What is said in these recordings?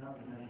Thank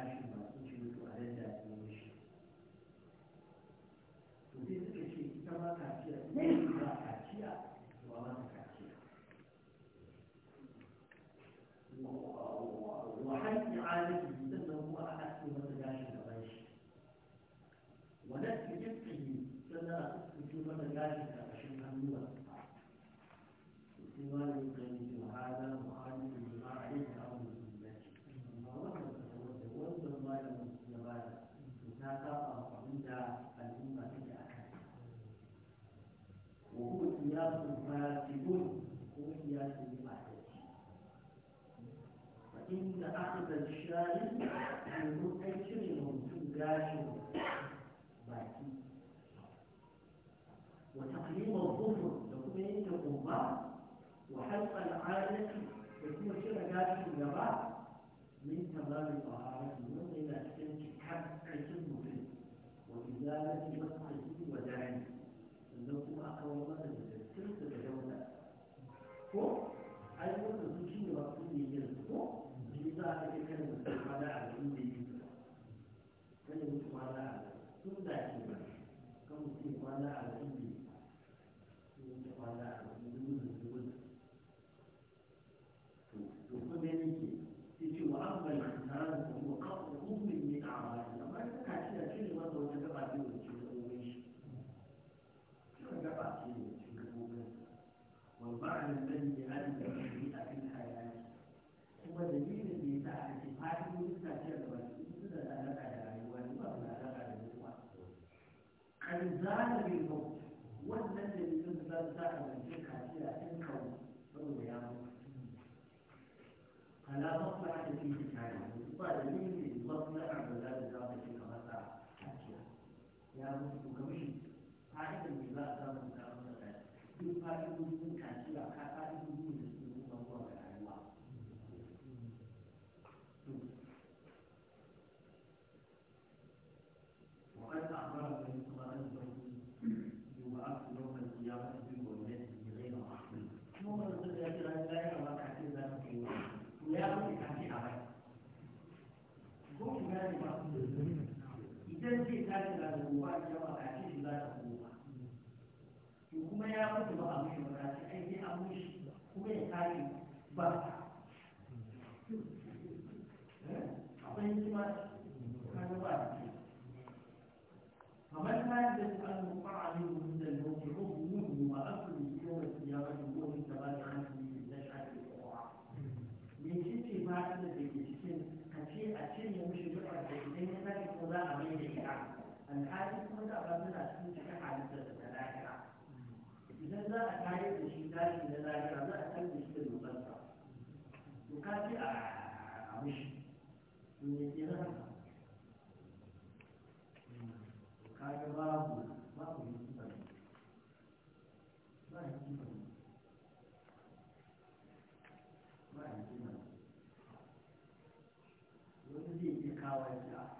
compassion من تمام طهارته وإلى تلك حق علم به وإزالة مسقه ودعمه لكم أقوى مثل تلك الدولة هو أي مثل تشين مقصود يلزمه بإزالة كلمة على علم به كلمة على علم سنة كلمة كلمة على علم به كلمة أقرب الأعمال وهو قطعه من أعماله cikin abu ba da yin maslaha da za ta zama shi kamar ya mutu kamar da za a samu sallama a shi za ta koma to kuma ya mutu ba a mushi ba sai ai sai an mushi kuma ya kare ba akwai ba kamar da alhali kuma da ba suna cikin cikin halittar da lahira idan za a kayar da shi tashi na lahira za a da shi da roƙonsa to ka ce a mishi in ya ce na ka ga babu babu hikima ne ba hikima ne ba hikima ne wani zai iya kawo ya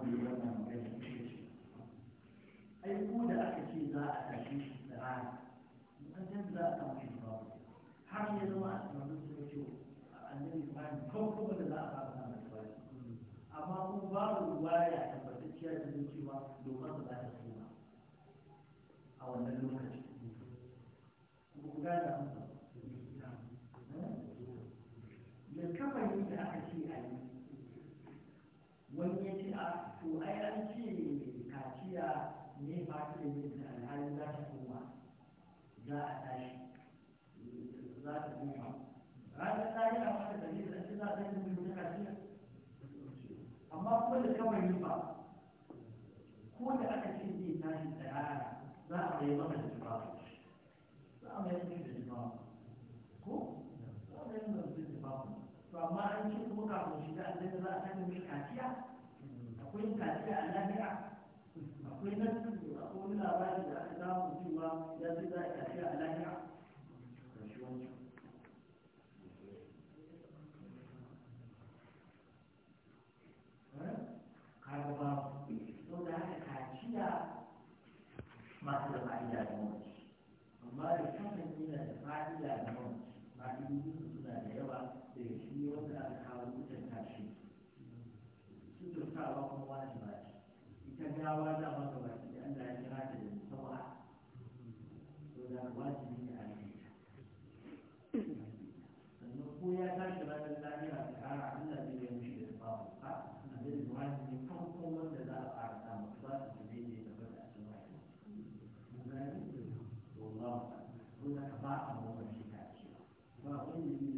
ku wannan magana da shi ai ko da aka ce za a tafi da rana mutum za a samu shi ba har ya zama a da su ce annabi ibrahim kawai da za a fara samu shi amma kuma babu ruwaya da zai cewa dokar ba za ta a wannan lokaci ku gane amsa eh, ya kafa da aka ce a yi to ai an ce kaciya ne ba ta yi da alhali za ta koma za a tashi za ta koma ranar ta yi a mata dalilin da ake za ta yi da ta kaciya amma kuma da kawai yi ba ko da aka ce ne tashi tsayara za a mai mana da jibawa za a mai mana da jibawa ko za a mai mana da jibawa to amma an ce kuma kafin shiga an zai za a tashi mai kaciya akwai kaciya a lahira akwai nasu akwai wani da aka samu cewa ya ce za a kaciya a lahira karba sau da haka kaciya masu da fa'ida da mamaci amma da kasan da fa'ida da mamaci fa'idodin suna da yawa da shi wanda aka annabawa da ba baki da Allah ya kira da sawa to da wajibi ne a yi sannan ko ya tashi ranar lahira da kara Allah zai yi mishi da babu a da wajibi farko wanda za a fara ba su ne da ba to ba a shi ta ba wani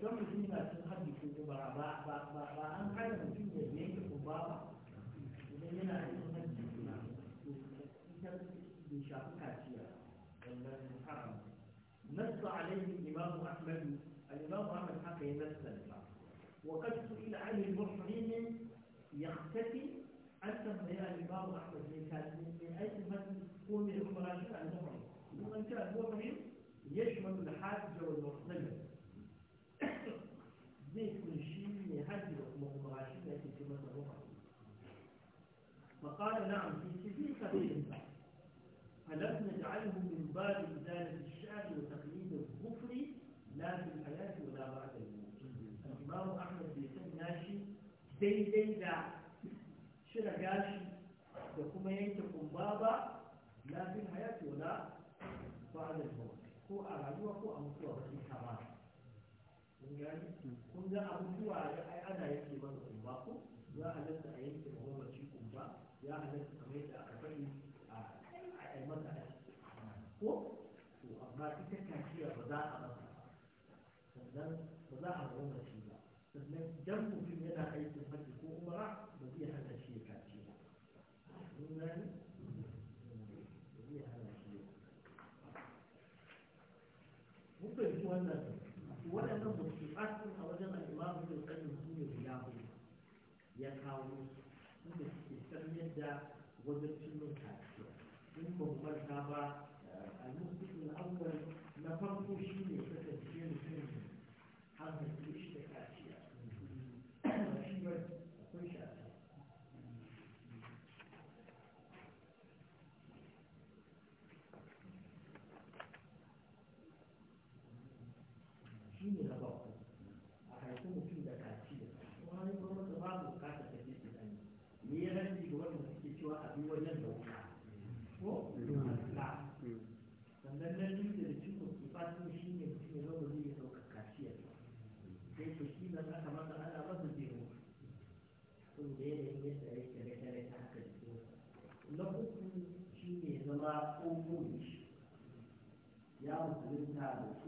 don mutum na sun haɗi ko ba ba ba an kada mutum da yanke ko ba ba idan yana da sun haɗi ko na ita bai shafi kaciya wannan haram nasu alaihi imamu ahmadu al-imamu ahmad haka ya nasta ba wa kad su'ila an al-muhrim yaqtati an tambaya al-imamu ahmad ne kaci ne aikin haɗi ko mai umra shi al-muhrim kuma kira al-muhrim يشمل الحاج والمحتمل فقال نعم في كثير قليل ألم نجعله من باب إزالة الشعر وتقليد الظفر لا في الحياة ولا بعد الموت الإمام أحمد بن ناشي دي دي دا شرع قاشي وكما ينتقم بابا لا في الحياة ولا بعد الموت هو أرعيوة هو أمسوة في كمان kun gani kun ga abubuwa da ai ana yanke masa ba ko za a lantsa a yanke ya halatta kamar yadda aka faɗi a yi masa aiki ko to amma ita kaciya ba za a masa sannan ba za a roma shi ba sannan idan mutum yana aikin hajji ko umara ba zai hana shi ya kaciya ba mun gani ba zai hana shi ya mun fahimci wannan waɗannan mutum a wajen al'imamu da tsayin su ne ya kawo su da wajen cinin kasuwa in ba manta ba eh, a nufin awwal na farko shi da yanayin yadda yake da kare ta aka jikin na uku shi ne zama ko ya musulunta da